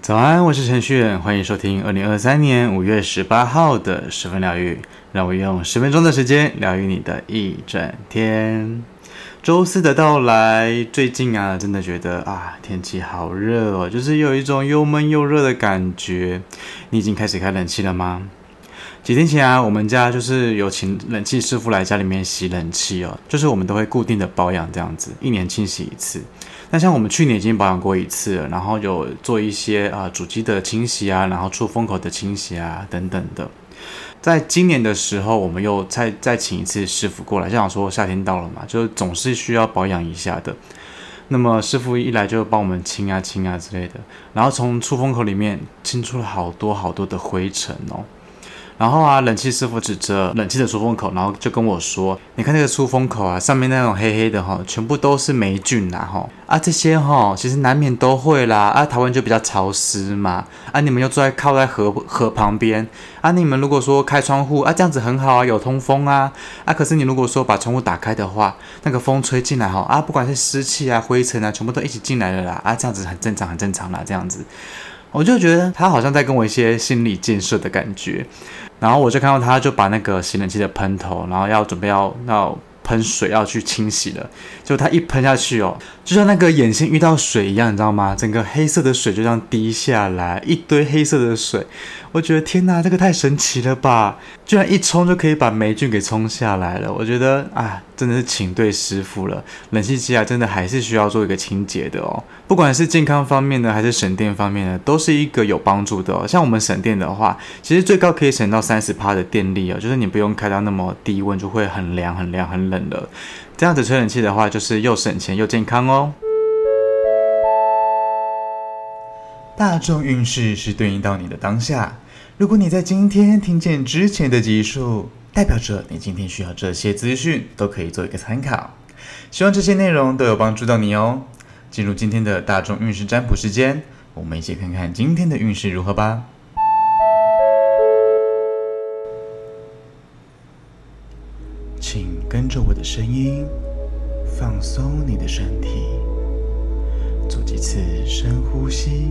早安，我是許旭遠，歡迎收聽二零二三年五月十八號的十分療癒。讓我用十分鐘的時間療癒你的一整天。週四的到來，最近啊，真的覺得啊，天氣好熱哦，就是有一種又悶又熱的感覺。你已經開始開冷氣了嗎？幾天前啊，我們家就是有請冷氣師傅來家裡面洗冷氣哦，就是我們都會固定的保養這樣子，一年清洗一次。那像我們去年已經保養過一次了，然後有做一些啊、呃、主機的清洗啊，然後出風口的清洗啊等等的。在今年的時候，我們又再再請一次師傅過來，就想說夏天到了嘛，就總是需要保養一下的。那麼師傅一來就幫我們清啊清啊之類的，然後從出風口裡面清出了好多好多的灰塵哦。然後啊，冷氣師傅指着冷氣的出風口，然後就跟我說：“你看那個出風口啊，上面那種黑黑的哈，全部都是霉菌啦哈。啊，這些哈，其實難免都會啦。啊，台灣就比較潮濕嘛。啊，你們又坐在靠在河河旁邊。啊，你們如果說開窗戶啊，這樣子很好啊，有通風啊。啊，可是你如果說把窗戶打開的話，那個風吹進來哈，啊，不管是濕氣啊、灰塵啊，全部都一起進來了啦。啊，這樣子很正常，很正常啦。這樣子。”我就覺得他好像在跟我一些心理建設的感覺，然後我就看到他就把那個洗冷氣的噴頭，然後要準備要要噴水要去清洗了，就他一噴下去哦，就像那個眼線遇到水一樣，你知道嗎？整個黑色的水就這樣滴下來，一堆黑色的水。我覺得天吶，這個太神奇了吧！居然一沖就可以把霉菌給沖下來了。我覺得啊，真的是請對師傅了。冷氣機啊，真的還是需要做一個清潔的哦。不管是健康方面呢，還是省電方面呢，都是一個有幫助的哦。像我們省電的話，其實最高可以省到三十趴的電力哦，就是你不用開到那麼低溫，就會很涼、很涼、很冷的。這樣子吹冷氣的話，就是又省錢又健康哦。大眾運勢是對應到你的當下。如果你在今天聽見之前的集數，代表着你今天需要這些資訊，都可以做一個參考。希望這些內容都有幫助到你哦。進入今天的大眾運勢占卜時間，我們一起看看今天的運勢如何吧。請跟着我的聲音，放鬆你的身體，做幾次深呼吸。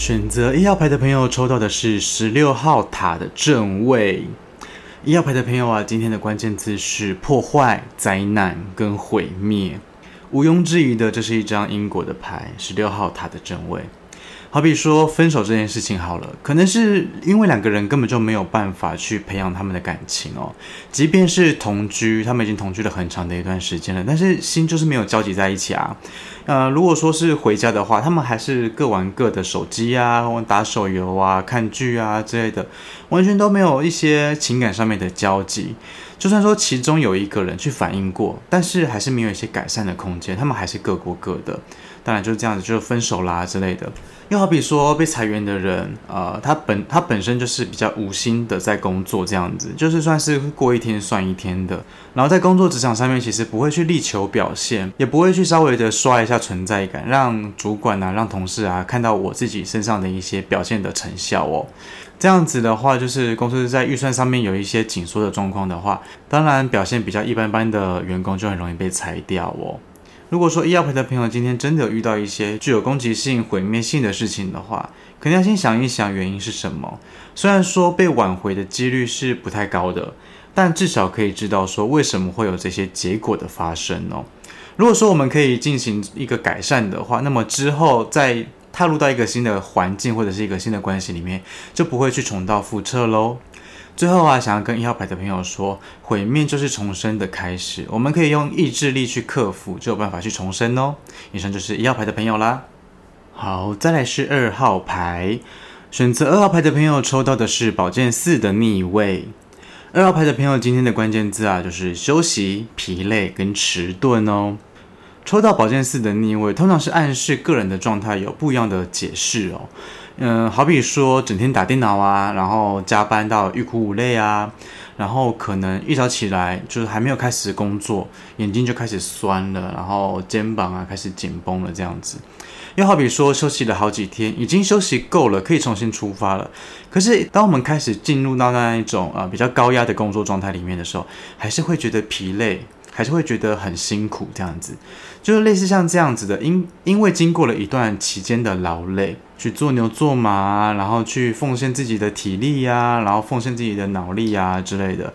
選擇一號牌的朋友抽到的是十六號塔的正位，一號牌的朋友啊，今天的關鍵詞是破壞、災難跟毀滅。毋庸置疑的，這是一張英國的牌，十六號塔的正位。好比說分手這件事情好了，可能是因為兩個人根本就沒有辦法去培養他們的感情哦。即便是同居，他們已經同居了很長的一段時間了，但是心就是沒有交集在一起啊。呃，如果說是回家的話，他們還是各玩各的手機啊，或打手遊啊，看劇啊之類的，完全都沒有一些情感上面的交集。就算說其中有一個人去反映過，但是還是沒有一些改善的空間，他們還是各過各的。當然就是這樣子，就分手啦之類的。又好比說被裁員的人，呃，他本他本身就是比較無心的在工作，這樣子就是算是過一天算一天的。然後在工作職場上面，其實不會去力求表現，也不會去稍微的刷一下存在感，讓主管啊、讓同事啊看到我自己身上的一些表現的成效哦。這樣子的話，就是公司在預算上面有一些緊縮的狀況的話，當然表現比較一般般的員工就很容易被裁掉哦。如果說醫藥費的朋友今天真的有遇到一些具有攻擊性、毀滅性的事情的話，肯定要先想一想原因是什麼。雖然說被挽回的幾率是不太高的，但至少可以知道說為什麼會有這些結果的發生哦。如果說我們可以進行一個改善的話，那麼之後再踏入到一個新的環境或者是一個新的關係裡面，就不會去重蹈覆轍嘍。最後啊，想要跟一號牌的朋友說，毀滅就是重生的開始，我們可以用意志力去克服，就有辦法去重生哦。以上就是一號牌的朋友啦。好，再來是二號牌，選擇二號牌的朋友抽到的是寶劍四的逆位。二號牌的朋友今天的關鍵字啊，就是休息、疲累跟遲鈍哦。抽到寶劍四的逆位，通常是暗示個人的狀態有不一樣的解釋哦。嗯、呃，好比說整天打電腦啊，然後加班到欲哭無淚啊，然後可能一早起來就是還沒有開始工作，眼睛就開始酸了，然後肩膀啊開始緊繃了這樣子。又好比說休息了好幾天，已經休息夠了，可以重新出發了。可是當我們開始進入到那一種啊比較高壓的工作狀態裡面的時候，還是會覺得疲累。還是會覺得很辛苦，這樣子，就是類似像這樣子的，因因為經過了一段期間的勞累，去做牛做馬，然後去奉獻自己的體力呀、啊，然後奉獻自己的腦力呀、啊、之類的。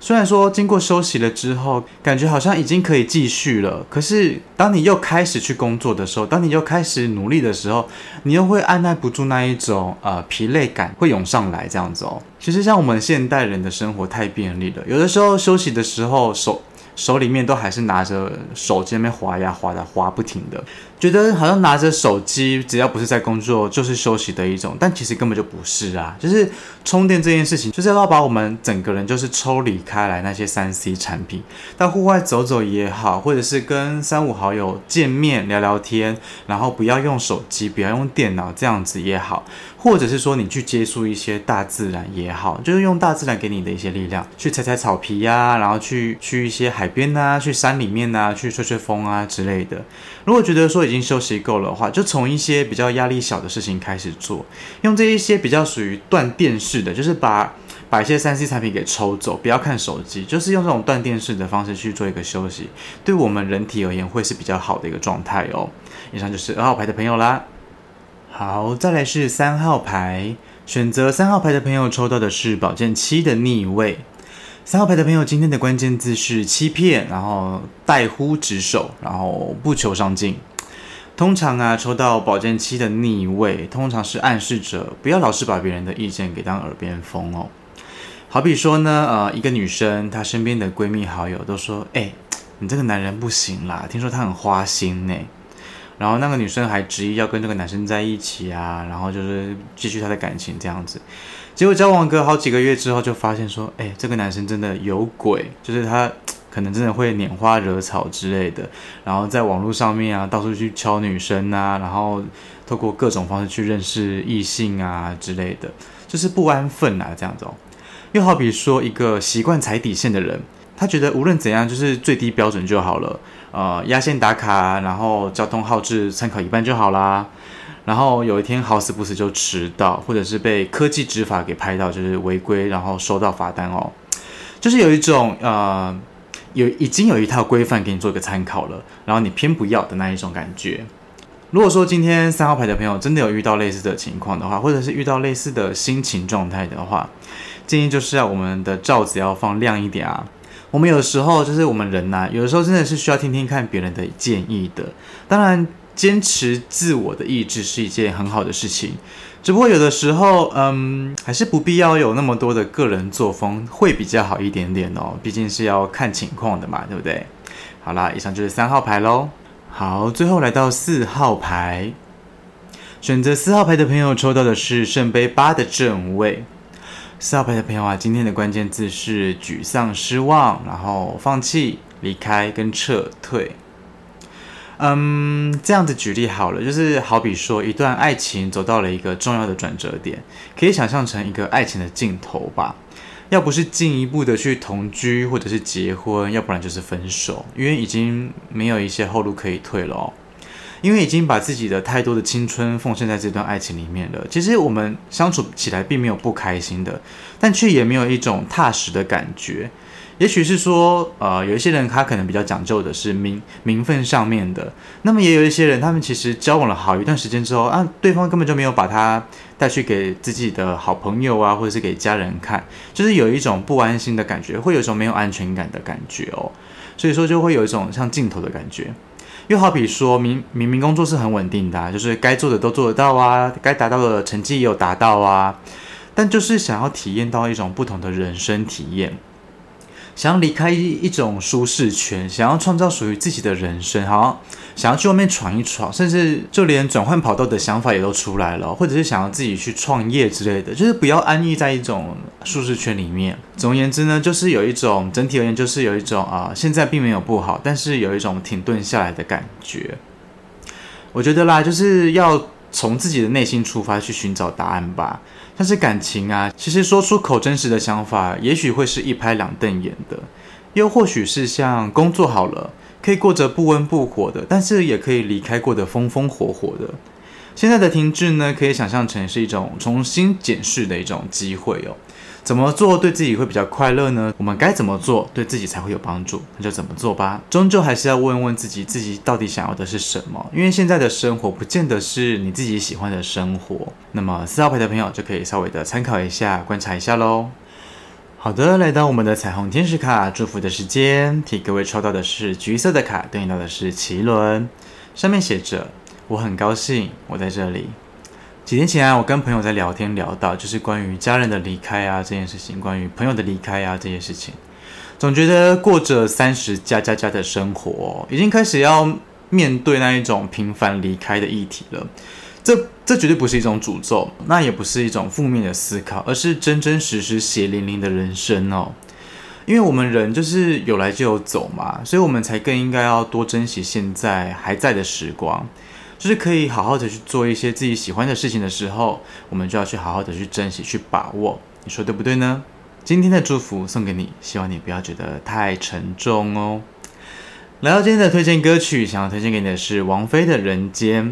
雖然說經過休息了之後，感覺好像已經可以繼續了，可是當你又開始去工作的時候，當你又開始努力的時候，你又會按捺不住那一種呃疲累感會湧上來，這樣子哦。其實像我們現代人的生活太便利了，有的時候休息的時候手。手裡面都還是拿着手機那邊滑呀滑的，滑不停的，覺得好像拿着手機，只要不是在工作，就是休息的一種。但其實根本就不是啊，就是充電這件事情，就是要，要把我們整個人就是抽離開來那些三 C 產品，到戶外走走也好，或者是跟三五好友見面聊聊天，然後不要用手機，不要用電腦這樣子也好。或者是說你去接觸一些大自然也好，就是用大自然給你的一些力量，去踩踩草皮呀，然後去去一些海邊吶，去山裡面吶，去吹吹風啊之類的。如果覺得說已經休息夠了的話，就從一些比較壓力小的事情開始做，用這一些比較屬於斷電式的，就是把把一些三 C 產品給抽走，不要看手機，就是用這種斷電式的方式去做一個休息，對我們人體而言會是比較好的一個狀態哦。以上就是二號牌的朋友啦。好，再來是三號牌。選擇三號牌的朋友抽到的是寶劍七的逆位。三號牌的朋友，今天的關鍵字是欺騙，然後怠忽職守，然後不求上進。通常啊，抽到寶劍七的逆位，通常是暗示着不要老是把別人的意見給當耳邊風哦。好比說呢，呃，一個女生，她身邊的閨蜜好友都說，哎、欸，你這個男人不行啦，聽說他很花心呢、欸。然後那個女生還執意要跟這個男生在一起啊，然後就是繼續他的感情這樣子，結果交往個好幾個月之後，就發現說，哎，這個男生真的有鬼，就是他可能真的會拈花惹草之類的，然後在網絡上面啊到處去敲女生啊，然後透過各種方式去認識異性啊之類的，就是不安分啊這樣子哦。又好比說一個習慣踩底線的人，他覺得無論怎樣就是最低標準就好了。呃，壓線打卡，然後交通號誌參考一半就好啦。然後有一天好死不死就遲到，或者是被科技執法給拍到，就是違規，然後收到罰單哦。就是有一種呃，有已經有一套規範給你做一個參考了，然後你偏不要的那一種感覺。如果說今天三號牌的朋友真的有遇到類似的情況的話，或者是遇到類似的心情狀態的話，建議就是要，啊，我們的罩子要放亮一點啊。我們有時候就是我們人吶、啊，有的時候真的是需要聽聽看別人的建議的。當然，堅持自我的意志是一件很好的事情，只不過有的時候，嗯，還是不必要有那麼多的個人作風會比較好一點點哦。畢竟是要看情況的嘛，對不對？好啦，以上就是三號牌嘍。好，最後來到四號牌，選擇四號牌的朋友抽到的是聖杯八的正位。四號牌的朋友啊，今天的關鍵字是沮喪、失望，然後放棄、離開跟撤退。嗯，這樣子舉例好了，就是好比說一段愛情走到了一個重要的轉折點，可以想象成一個愛情的盡頭吧。要不是進一步的去同居或者是結婚，要不然就是分手，因為已經沒有一些後路可以退了。因為已經把自己的太多的青春奉獻在這段愛情裡面了，其實我們相處起來並沒有不開心的，但卻也沒有一種踏實的感覺。也許是說，呃，有一些人他可能比較講究的是名名分上面的，那麼也有一些人，他們其實交往了好一段時間之後，啊，對方根本就沒有把他帶去給自己的好朋友啊，或者是給家人看，就是有一種不安心的感覺，會有一種沒有安全感的感覺哦，所以說就會有一種像鏡頭的感覺。又好比說，明明明工作是很穩定的啊，就是該做的都做得到啊，該達到的成績也有達到啊，但就是想要體驗到一種不同的人生體驗，想要離開一，一種舒適圈，想要創造屬於自己的人生，好像想要去外面闖一闖，甚至就連轉換跑道的想法也都出來了哦，或者是想要自己去創業之類的，就是不要安逸在一種。舒適圈裡面，總而言之呢，就是有一種整體而言，就是有一種啊、呃，現在並沒有不好，但是有一種停頓下來的感覺。我覺得啦，就是要從自己的內心出發去尋找答案吧。但是感情啊，其實說出口真實的想法，也許會是一拍兩瞪眼的，又或許是像工作好了，可以過着不溫不火的，但是也可以離開過得風風火火的。現在的停滯呢，可以想象成是一種重新檢視的一種機會哦。怎麼做，對自己會比較快樂呢？我們該怎麼做，對自己才會有幫助？那就怎麼做吧。終究還是要問問自己，自己到底想要的是什麼？因為現在的生活不見得是你自己喜歡的生活。那麼四號牌的朋友就可以稍微的參考一下，觀察一下嘍。好的，來到我們的彩虹天使卡祝福的時間，替各位抽到的是橘色的卡，對應到的是臍輪，上面寫着。我很高興，我在這裡。幾天前啊，我跟朋友在聊天，聊到就是關於家人的離開啊這件事情，關於朋友的離開啊這件事情，總覺得過着三十加加加的生活哦，已經開始要面對那一種頻繁離開的議題了。這這絕對不是一種詛咒，那也不是一種負面的思考，而是真真實實血淋淋的人生哦。因為我們人就是有來就有走嘛，所以我們才更應該要多珍惜現在還在的時光。就是可以好好的去做一些自己喜歡的事情的時候，我們就要去好好的去珍惜、去把握。你說對不對呢？今天的祝福送給你，希望你不要覺得太沉重哦。來到今天的推薦歌曲，想要推薦給你的是王菲的《人間》，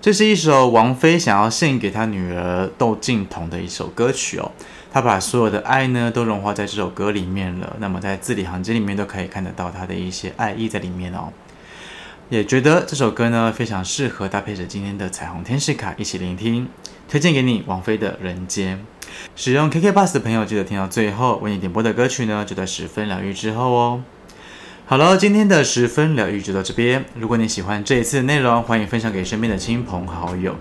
這是一首王菲想要獻給她女兒竇靖童的一首歌曲哦。她把所有的愛呢，都融化在這首歌裡面了。那麼在字裡行間裡面都可以看得到她的一些愛意在裡面哦。也覺得這首歌呢，非常適合搭配着今天的彩虹天使卡一起聆聽，推薦給你王菲的人間。使用 KKBOX 的朋友記得聽到最後，為你點播的歌曲呢，就在十分療癒之後哦。好了，今天的十分療癒就到這邊。如果你喜歡這一次的內容，歡迎分享給身邊的親朋好友。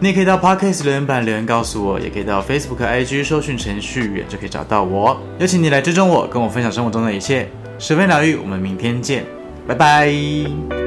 你也可以到 Podcast 留言板留言告訴我，也可以到 Facebook、IG 搜尋旭遠就可以找到我。有請你來追蹤我，跟我分享生活中的一切。十分療癒，我們明天見，拜拜。